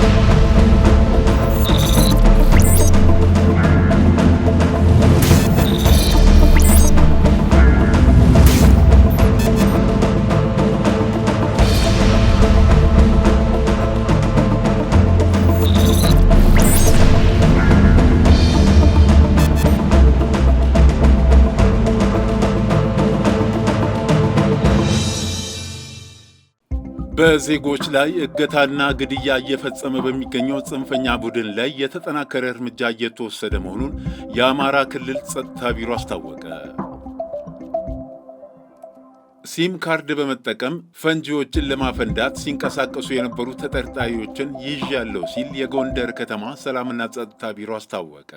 Thank you. በዜጎች ላይ እገታና ግድያ እየፈጸመ በሚገኘው ጽንፈኛ ቡድን ላይ የተጠናከረ እርምጃ እየተወሰደ መሆኑን የአማራ ክልል ጸጥታ ቢሮ አስታወቀ። ሲም ካርድ በመጠቀም ፈንጂዎችን ለማፈንዳት ሲንቀሳቀሱ የነበሩ ተጠርጣሪዎችን ይዣለሁ ሲል የጎንደር ከተማ ሰላምና ጸጥታ ቢሮ አስታወቀ።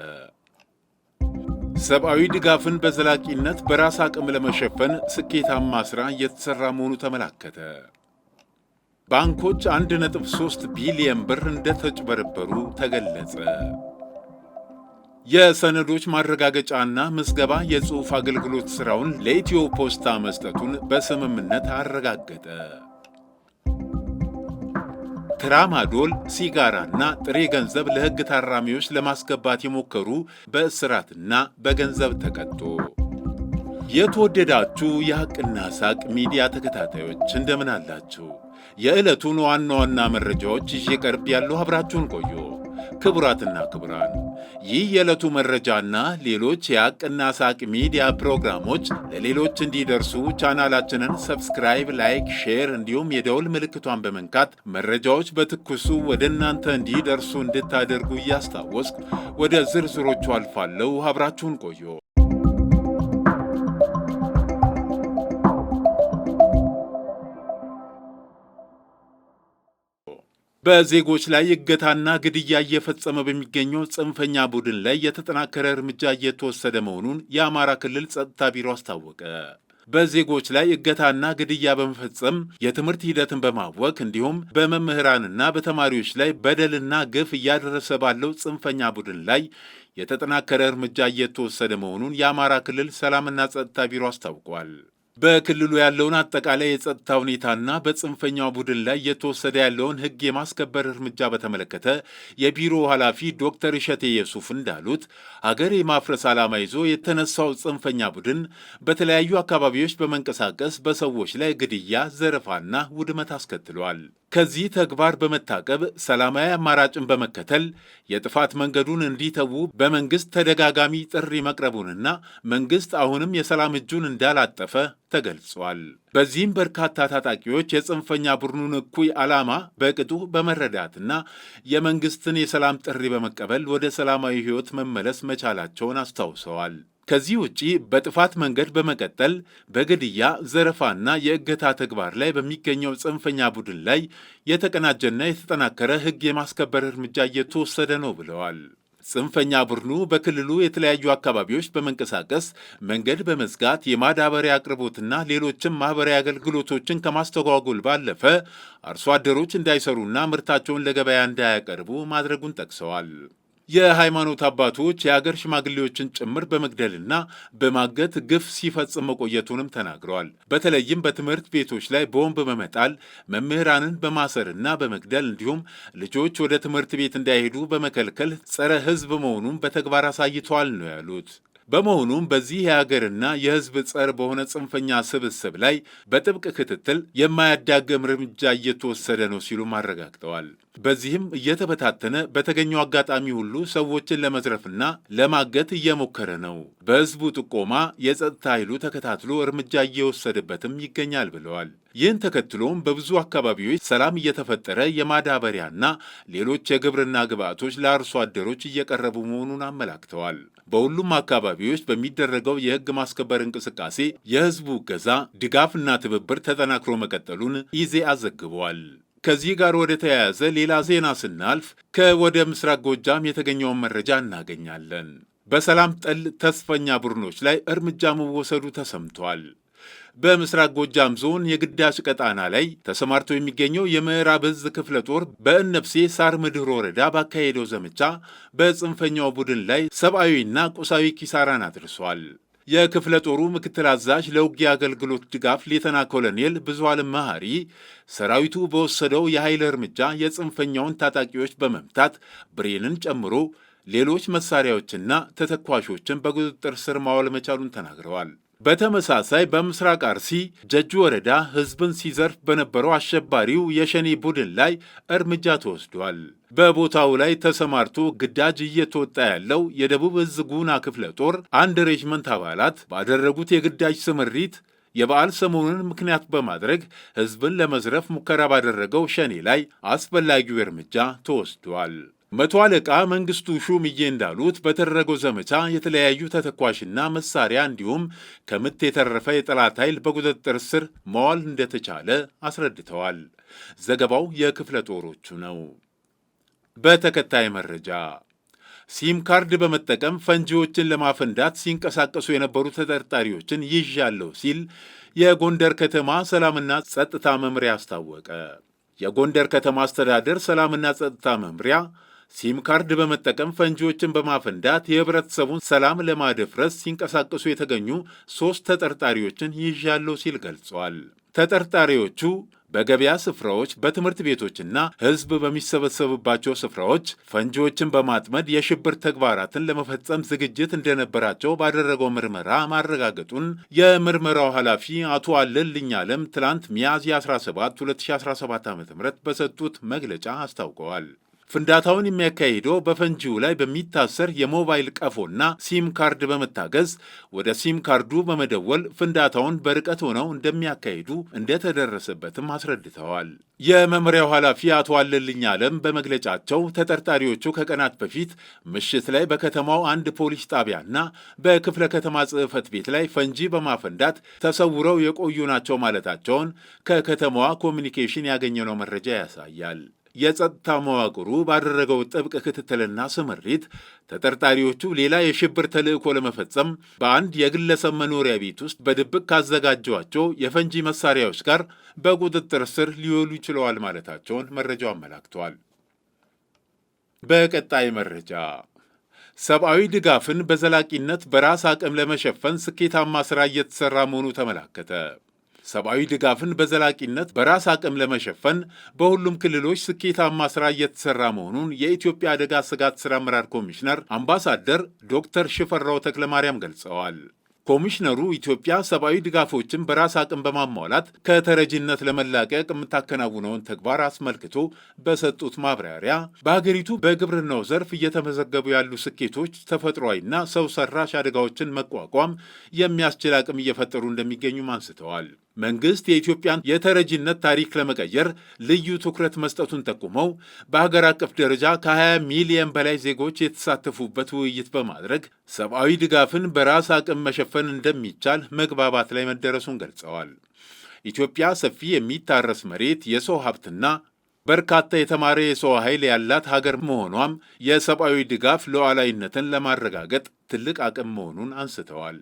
ሰብአዊ ድጋፍን በዘላቂነት በራስ አቅም ለመሸፈን ስኬታማ ሥራ እየተሠራ መሆኑ ተመላከተ። ባንኮች 1.3 ቢሊየን ብር እንደተጭበረበሩ ተገለጸ። የሰነዶች ማረጋገጫና ምዝገባ የጽሑፍ አገልግሎት ሥራውን ለኢትዮ ፖስታ መስጠቱን በስምምነት አረጋገጠ። ትራማዶል፣ ሲጋራና ጥሬ ገንዘብ ለሕግ ታራሚዎች ለማስገባት የሞከሩ በእስራትና በገንዘብ ተቀጦ። የተወደዳችሁ የሐቅና ሳቅ ሚዲያ ተከታታዮች እንደምን አላችሁ? የዕለቱን ዋና ዋና መረጃዎች ይዤ ቀርብ ያለሁ። አብራችሁን ቆዩ። ክቡራትና ክቡራን፣ ይህ የዕለቱ መረጃና ሌሎች የአቅና ሳቅ ሚዲያ ፕሮግራሞች ለሌሎች እንዲደርሱ ቻናላችንን ሰብስክራይብ፣ ላይክ፣ ሼር እንዲሁም የደውል ምልክቷን በመንካት መረጃዎች በትኩሱ ወደ እናንተ እንዲደርሱ እንድታደርጉ እያስታወስኩ ወደ ዝርዝሮቹ አልፋለሁ። አብራችሁን ቆዩ። በዜጎች ላይ እገታና ግድያ እየፈጸመ በሚገኘው ጽንፈኛ ቡድን ላይ የተጠናከረ እርምጃ እየተወሰደ መሆኑን የአማራ ክልል ጸጥታ ቢሮ አስታወቀ። በዜጎች ላይ እገታና ግድያ በመፈጸም የትምህርት ሂደትን በማወክ እንዲሁም በመምህራንና በተማሪዎች ላይ በደልና ግፍ እያደረሰ ባለው ጽንፈኛ ቡድን ላይ የተጠናከረ እርምጃ እየተወሰደ መሆኑን የአማራ ክልል ሰላምና ጸጥታ ቢሮ አስታውቋል። በክልሉ ያለውን አጠቃላይ የጸጥታ ሁኔታና በጽንፈኛው ቡድን ላይ እየተወሰደ ያለውን ሕግ የማስከበር እርምጃ በተመለከተ የቢሮው ኃላፊ ዶክተር እሸቴ የሱፍ እንዳሉት አገር የማፍረስ ዓላማ ይዞ የተነሳው ጽንፈኛ ቡድን በተለያዩ አካባቢዎች በመንቀሳቀስ በሰዎች ላይ ግድያ፣ ዘረፋና ውድመት አስከትሏል። ከዚህ ተግባር በመታቀብ ሰላማዊ አማራጭን በመከተል የጥፋት መንገዱን እንዲተዉ በመንግሥት ተደጋጋሚ ጥሪ መቅረቡንና መንግሥት አሁንም የሰላም እጁን እንዳላጠፈ ተገልጿል። በዚህም በርካታ ታጣቂዎች የጽንፈኛ ቡድኑን እኩይ ዓላማ በቅጡ በመረዳትና የመንግስትን የሰላም ጥሪ በመቀበል ወደ ሰላማዊ ሕይወት መመለስ መቻላቸውን አስታውሰዋል። ከዚህ ውጪ በጥፋት መንገድ በመቀጠል በግድያ ዘረፋና የእገታ ተግባር ላይ በሚገኘው ጽንፈኛ ቡድን ላይ የተቀናጀና የተጠናከረ ሕግ የማስከበር እርምጃ እየተወሰደ ነው ብለዋል። ጽንፈኛ ቡድኑ በክልሉ የተለያዩ አካባቢዎች በመንቀሳቀስ መንገድ በመዝጋት የማዳበሪያ አቅርቦትና ሌሎችም ማህበራዊ አገልግሎቶችን ከማስተጓጎል ባለፈ አርሶ አደሮች እንዳይሰሩና ምርታቸውን ለገበያ እንዳያቀርቡ ማድረጉን ጠቅሰዋል። የሃይማኖት አባቶች የአገር ሽማግሌዎችን ጭምር በመግደልና በማገት ግፍ ሲፈጽም መቆየቱንም ተናግረዋል። በተለይም በትምህርት ቤቶች ላይ ቦምብ በመጣል መምህራንን በማሰርና በመግደል እንዲሁም ልጆች ወደ ትምህርት ቤት እንዳይሄዱ በመከልከል ጸረ ሕዝብ መሆኑን በተግባር አሳይተዋል ነው ያሉት። በመሆኑም በዚህ የሀገርና የህዝብ ጸር በሆነ ጽንፈኛ ስብስብ ላይ በጥብቅ ክትትል የማያዳግም እርምጃ እየተወሰደ ነው ሲሉም አረጋግጠዋል። በዚህም እየተበታተነ በተገኘው አጋጣሚ ሁሉ ሰዎችን ለመዝረፍና ለማገት እየሞከረ ነው። በህዝቡ ጥቆማ የጸጥታ ኃይሉ ተከታትሎ እርምጃ እየወሰደበትም ይገኛል ብለዋል። ይህን ተከትሎም በብዙ አካባቢዎች ሰላም እየተፈጠረ የማዳበሪያና ሌሎች የግብርና ግብዓቶች ለአርሶ አደሮች እየቀረቡ መሆኑን አመላክተዋል። በሁሉም አካባቢዎች በሚደረገው የህግ ማስከበር እንቅስቃሴ የህዝቡ እገዛ፣ ድጋፍና ትብብር ተጠናክሮ መቀጠሉን ኢዜአ ዘግቧል። ከዚህ ጋር ወደ ተያያዘ ሌላ ዜና ስናልፍ ከወደ ምስራቅ ጎጃም የተገኘውን መረጃ እናገኛለን። በሰላም ጠል ተስፈኛ ቡድኖች ላይ እርምጃ መወሰዱ ተሰምቷል። በምስራቅ ጎጃም ዞን የግዳጅ ቀጣና ላይ ተሰማርቶ የሚገኘው የምዕራብ እዝ ክፍለ ጦር በእነብሴ ሳር ምድር ወረዳ ባካሄደው ዘመቻ በጽንፈኛው ቡድን ላይ ሰብአዊና ቁሳዊ ኪሳራን አድርሷል። የክፍለ ጦሩ ምክትል አዛዥ ለውጊያ አገልግሎት ድጋፍ ሌተና ኮሎኔል ብዙአለም መሐሪ ሰራዊቱ በወሰደው የኃይል እርምጃ የጽንፈኛውን ታጣቂዎች በመምታት ብሬንን ጨምሮ ሌሎች መሳሪያዎችና ተተኳሾችን በቁጥጥር ስር ማዋል መቻሉን ተናግረዋል። በተመሳሳይ በምስራቅ አርሲ ጀጁ ወረዳ ሕዝብን ሲዘርፍ በነበረው አሸባሪው የሸኔ ቡድን ላይ እርምጃ ተወስዷል። በቦታው ላይ ተሰማርቶ ግዳጅ እየተወጣ ያለው የደቡብ እዝ ጉና ክፍለ ጦር አንድ ሬጅመንት አባላት ባደረጉት የግዳጅ ስምሪት የበዓል ሰሞኑን ምክንያት በማድረግ ሕዝብን ለመዝረፍ ሙከራ ባደረገው ሸኔ ላይ አስፈላጊው እርምጃ ተወስዷል። መቶ አለቃ መንግስቱ ሹምዬ እንዳሉት በተደረገው ዘመቻ የተለያዩ ተተኳሽና መሳሪያ እንዲሁም ከምት የተረፈ የጠላት ኃይል በቁጥጥር ስር መዋል እንደተቻለ አስረድተዋል። ዘገባው የክፍለ ጦሮቹ ነው። በተከታይ መረጃ ሲም ካርድ በመጠቀም ፈንጂዎችን ለማፈንዳት ሲንቀሳቀሱ የነበሩ ተጠርጣሪዎችን ይዣለሁ ሲል የጎንደር ከተማ ሰላምና ጸጥታ መምሪያ አስታወቀ። የጎንደር ከተማ አስተዳደር ሰላምና ጸጥታ መምሪያ ሲም ካርድ በመጠቀም ፈንጂዎችን በማፈንዳት የህብረተሰቡን ሰላም ለማደፍረስ ሲንቀሳቀሱ የተገኙ ሶስት ተጠርጣሪዎችን ይዣለሁ ሲል ገልጸዋል። ተጠርጣሪዎቹ በገበያ ስፍራዎች፣ በትምህርት ቤቶችና ህዝብ በሚሰበሰብባቸው ስፍራዎች ፈንጂዎችን በማጥመድ የሽብር ተግባራትን ለመፈጸም ዝግጅት እንደነበራቸው ባደረገው ምርመራ ማረጋገጡን የምርመራው ኃላፊ አቶ አለልኝ አለም ትላንት ሚያዝያ 17 2017 ዓ ም በሰጡት መግለጫ አስታውቀዋል። ፍንዳታውን የሚያካሂደው በፈንጂው ላይ በሚታሰር የሞባይል ቀፎና ሲም ካርድ በመታገዝ ወደ ሲም ካርዱ በመደወል ፍንዳታውን በርቀት ሆነው እንደሚያካሂዱ እንደተደረሰበትም አስረድተዋል። የመምሪያው ኃላፊ አቶ አለልኝ አለም በመግለጫቸው ተጠርጣሪዎቹ ከቀናት በፊት ምሽት ላይ በከተማው አንድ ፖሊስ ጣቢያና በክፍለ ከተማ ጽሕፈት ቤት ላይ ፈንጂ በማፈንዳት ተሰውረው የቆዩ ናቸው ማለታቸውን ከከተማዋ ኮሚኒኬሽን ያገኘነው መረጃ ያሳያል። የጸጥታ መዋቅሩ ባደረገው ጥብቅ ክትትልና ስምሪት ተጠርጣሪዎቹ ሌላ የሽብር ተልዕኮ ለመፈጸም በአንድ የግለሰብ መኖሪያ ቤት ውስጥ በድብቅ ካዘጋጇቸው የፈንጂ መሳሪያዎች ጋር በቁጥጥር ስር ሊውሉ ችለዋል ማለታቸውን መረጃው አመላክተዋል። በቀጣይ መረጃ ሰብአዊ ድጋፍን በዘላቂነት በራስ አቅም ለመሸፈን ስኬታማ ስራ እየተሰራ መሆኑ ተመላከተ። ሰብአዊ ድጋፍን በዘላቂነት በራስ አቅም ለመሸፈን በሁሉም ክልሎች ስኬታማ ስራ እየተሰራ መሆኑን የኢትዮጵያ አደጋ ስጋት ስራ አመራር ኮሚሽነር አምባሳደር ዶክተር ሽፈራው ተክለማርያም ገልጸዋል። ኮሚሽነሩ ኢትዮጵያ ሰብአዊ ድጋፎችን በራስ አቅም በማሟላት ከተረጂነት ለመላቀቅ የምታከናውነውን ተግባር አስመልክቶ በሰጡት ማብራሪያ በሀገሪቱ በግብርናው ዘርፍ እየተመዘገቡ ያሉ ስኬቶች ተፈጥሯዊና ሰው ሰራሽ አደጋዎችን መቋቋም የሚያስችል አቅም እየፈጠሩ እንደሚገኙም አንስተዋል። መንግስት የኢትዮጵያን የተረጂነት ታሪክ ለመቀየር ልዩ ትኩረት መስጠቱን ጠቁመው በሀገር አቀፍ ደረጃ ከ20 ሚሊየን በላይ ዜጎች የተሳተፉበት ውይይት በማድረግ ሰብአዊ ድጋፍን በራስ አቅም መሸፈ መሸፈን እንደሚቻል መግባባት ላይ መደረሱን ገልጸዋል። ኢትዮጵያ ሰፊ የሚታረስ መሬት፣ የሰው ሀብትና በርካታ የተማረ የሰው ኃይል ያላት ሀገር መሆኗም የሰብአዊ ድጋፍ ሉዓላዊነትን ለማረጋገጥ ትልቅ አቅም መሆኑን አንስተዋል።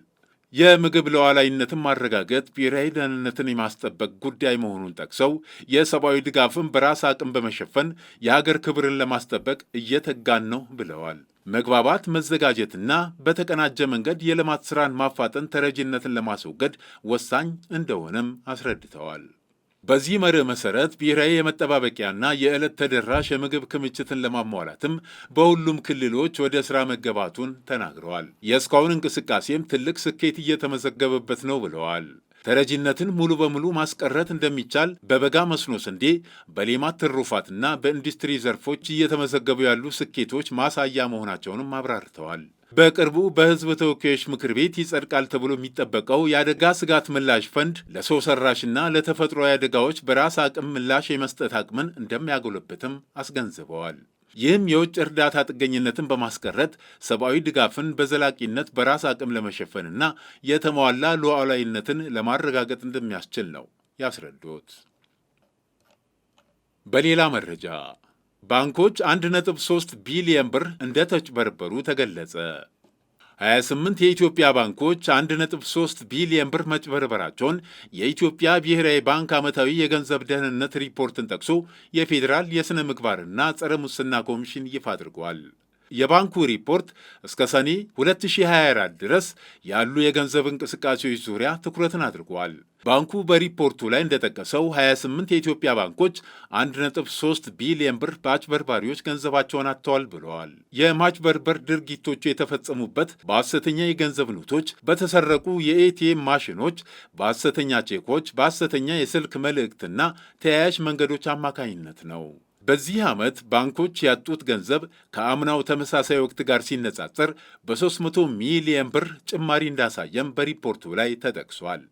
የምግብ ሉዓላዊነትን ማረጋገጥ ብሔራዊ ደህንነትን የማስጠበቅ ጉዳይ መሆኑን ጠቅሰው የሰብአዊ ድጋፍን በራስ አቅም በመሸፈን የሀገር ክብርን ለማስጠበቅ እየተጋን ነው ብለዋል። መግባባት፣ መዘጋጀትና በተቀናጀ መንገድ የልማት ስራን ማፋጠን ተረጂነትን ለማስወገድ ወሳኝ እንደሆነም አስረድተዋል። በዚህ መርህ መሰረት ብሔራዊ የመጠባበቂያና የዕለት ተደራሽ የምግብ ክምችትን ለማሟላትም በሁሉም ክልሎች ወደ ስራ መገባቱን ተናግረዋል። የእስካሁን እንቅስቃሴም ትልቅ ስኬት እየተመዘገበበት ነው ብለዋል። ተረጂነትን ሙሉ በሙሉ ማስቀረት እንደሚቻል በበጋ መስኖ ስንዴ፣ በሌማት ትሩፋትና በኢንዱስትሪ ዘርፎች እየተመዘገቡ ያሉ ስኬቶች ማሳያ መሆናቸውንም አብራርተዋል። በቅርቡ በሕዝብ ተወካዮች ምክር ቤት ይጸድቃል ተብሎ የሚጠበቀው የአደጋ ስጋት ምላሽ ፈንድ ለሰው ሰራሽና ለተፈጥሯዊ አደጋዎች በራስ አቅም ምላሽ የመስጠት አቅምን እንደሚያጎለብትም አስገንዝበዋል። ይህም የውጭ እርዳታ ጥገኝነትን በማስቀረት ሰብአዊ ድጋፍን በዘላቂነት በራስ አቅም ለመሸፈንና የተሟላ ሉዓላዊነትን ለማረጋገጥ እንደሚያስችል ነው ያስረዱት። በሌላ መረጃ ባንኮች 1.3 ቢሊየን ብር እንደተጭበረበሩ ተገለጸ። 28 የኢትዮጵያ ባንኮች 1.3 ቢሊየን ብር መጭበርበራቸውን የኢትዮጵያ ብሔራዊ ባንክ ዓመታዊ የገንዘብ ደህንነት ሪፖርትን ጠቅሶ የፌዴራል የሥነ ምግባርና ጸረ ሙስና ኮሚሽን ይፋ አድርገዋል። የባንኩ ሪፖርት እስከ ሰኔ 2024 ድረስ ያሉ የገንዘብ እንቅስቃሴዎች ዙሪያ ትኩረትን አድርጓል። ባንኩ በሪፖርቱ ላይ እንደጠቀሰው 28 የኢትዮጵያ ባንኮች 1.3 ቢሊየን ብር በአጭበርባሪዎች ገንዘባቸውን አጥተዋል ብለዋል። የማጭበርበር ድርጊቶቹ የተፈጸሙበት በሐሰተኛ የገንዘብ ኖቶች፣ በተሰረቁ የኤቲኤም ማሽኖች፣ በሐሰተኛ ቼኮች፣ በሐሰተኛ የስልክ መልእክትና ተያያዥ መንገዶች አማካኝነት ነው። በዚህ ዓመት ባንኮች ያጡት ገንዘብ ከአምናው ተመሳሳይ ወቅት ጋር ሲነጻጸር በ300 ሚሊየን ብር ጭማሪ እንዳሳየም በሪፖርቱ ላይ ተጠቅሷል።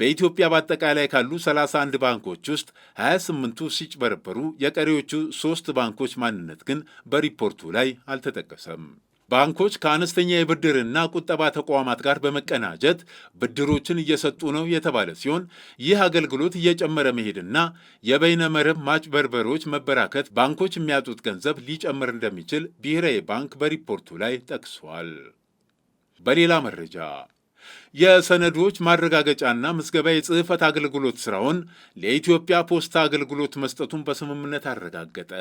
በኢትዮጵያ በአጠቃላይ ካሉ 31 ባንኮች ውስጥ 28ቱ ሲጭበረበሩ የቀሪዎቹ ሦስት ባንኮች ማንነት ግን በሪፖርቱ ላይ አልተጠቀሰም። ባንኮች ከአነስተኛ የብድርና ቁጠባ ተቋማት ጋር በመቀናጀት ብድሮችን እየሰጡ ነው የተባለ ሲሆን ይህ አገልግሎት እየጨመረ መሄድና የበይነ መረብ ማጭበርበሮች መበራከት ባንኮች የሚያጡት ገንዘብ ሊጨምር እንደሚችል ብሔራዊ ባንክ በሪፖርቱ ላይ ጠቅሷል። በሌላ መረጃ የሰነዶች ማረጋገጫና ምዝገባ የጽህፈት አገልግሎት ስራውን ለኢትዮጵያ ፖስታ አገልግሎት መስጠቱን በስምምነት አረጋገጠ።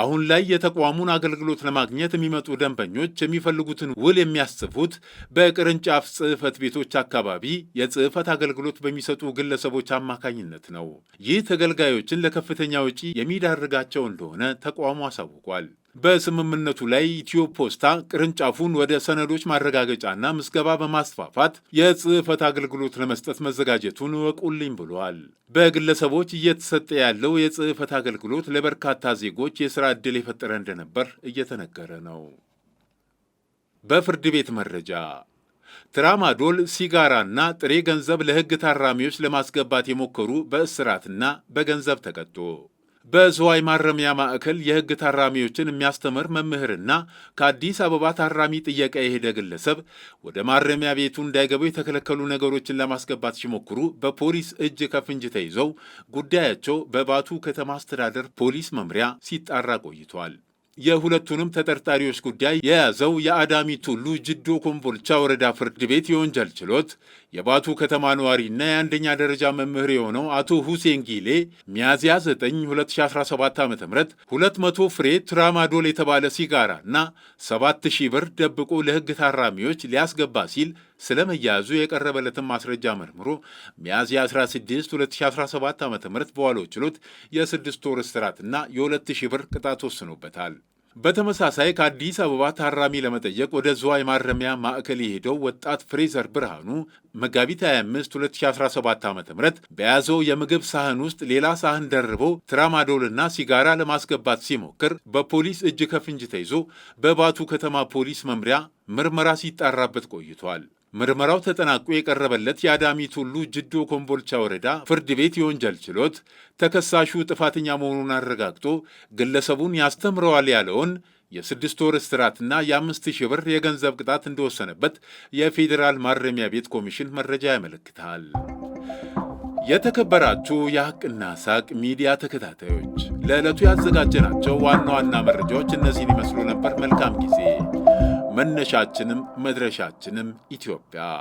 አሁን ላይ የተቋሙን አገልግሎት ለማግኘት የሚመጡ ደንበኞች የሚፈልጉትን ውል የሚያስጽፉት በቅርንጫፍ ጽህፈት ቤቶች አካባቢ የጽህፈት አገልግሎት በሚሰጡ ግለሰቦች አማካኝነት ነው። ይህ ተገልጋዮችን ለከፍተኛ ውጪ የሚዳርጋቸው እንደሆነ ተቋሙ አሳውቋል። በስምምነቱ ላይ ኢትዮ ፖስታ ቅርንጫፉን ወደ ሰነዶች ማረጋገጫና ምዝገባ በማስፋፋት የጽህፈት አገልግሎት ለመስጠት መዘጋጀቱን እወቁልኝ ብሏል። በግለሰቦች እየተሰጠ ያለው የጽህፈት አገልግሎት ለበርካታ ዜጎች የሥራ ዕድል የፈጠረ እንደነበር እየተነገረ ነው። በፍርድ ቤት መረጃ ትራማዶል፣ ሲጋራና ጥሬ ገንዘብ ለሕግ ታራሚዎች ለማስገባት የሞከሩ በእስራትና በገንዘብ ተቀጦ በዝዋይ ማረሚያ ማዕከል የሕግ ታራሚዎችን የሚያስተምር መምህርና ከአዲስ አበባ ታራሚ ጥየቃ የሄደ ግለሰብ ወደ ማረሚያ ቤቱ እንዳይገቡ የተከለከሉ ነገሮችን ለማስገባት ሲሞክሩ በፖሊስ እጅ ከፍንጅ ተይዘው ጉዳያቸው በባቱ ከተማ አስተዳደር ፖሊስ መምሪያ ሲጣራ ቆይቷል። የሁለቱንም ተጠርጣሪዎች ጉዳይ የያዘው የአዳሚ ቱሉ ጅዶ ኮምቦልቻ ወረዳ ፍርድ ቤት የወንጀል ችሎት የባቱ ከተማ ነዋሪና የአንደኛ ደረጃ መምህር የሆነው አቶ ሁሴን ጊሌ ሚያዝያ 9 2017 ዓ ም 200 ፍሬ ትራማዶል የተባለ ሲጋራ እና 7000 ብር ደብቆ ለሕግ ታራሚዎች ሊያስገባ ሲል ስለመያዙ የቀረበለትን ማስረጃ መርምሮ ሚያዝያ 16 2017 ዓ ም በዋለው ችሎት የስድስት ወር እስራትና የ2 ብር ቅጣት ወስኖበታል። በተመሳሳይ ከአዲስ አበባ ታራሚ ለመጠየቅ ወደ ዝዋይ ማረሚያ ማዕከል የሄደው ወጣት ፍሬዘር ብርሃኑ መጋቢት 25 2017 ዓ ም በያዘው የምግብ ሳህን ውስጥ ሌላ ሳህን ደርቦ ትራማዶልና ሲጋራ ለማስገባት ሲሞክር በፖሊስ እጅ ከፍንጅ ተይዞ በባቱ ከተማ ፖሊስ መምሪያ ምርመራ ሲጣራበት ቆይቷል። ምርመራው ተጠናቆ የቀረበለት የአዳሚ ቱሉ ጅዶ ኮምቦልቻ ወረዳ ፍርድ ቤት የወንጀል ችሎት ተከሳሹ ጥፋተኛ መሆኑን አረጋግጦ ግለሰቡን ያስተምረዋል ያለውን የስድስት ወር እስራትና የአምስት ሺህ ብር የገንዘብ ቅጣት እንደወሰነበት የፌዴራል ማረሚያ ቤት ኮሚሽን መረጃ ያመለክታል። የተከበራችሁ የሐቅና ሳቅ ሚዲያ ተከታታዮች ለዕለቱ ያዘጋጀናቸው ዋና ዋና መረጃዎች እነዚህን ይመስሉ ነበር። መልካም ጊዜ መነሻችንም መድረሻችንም ኢትዮጵያ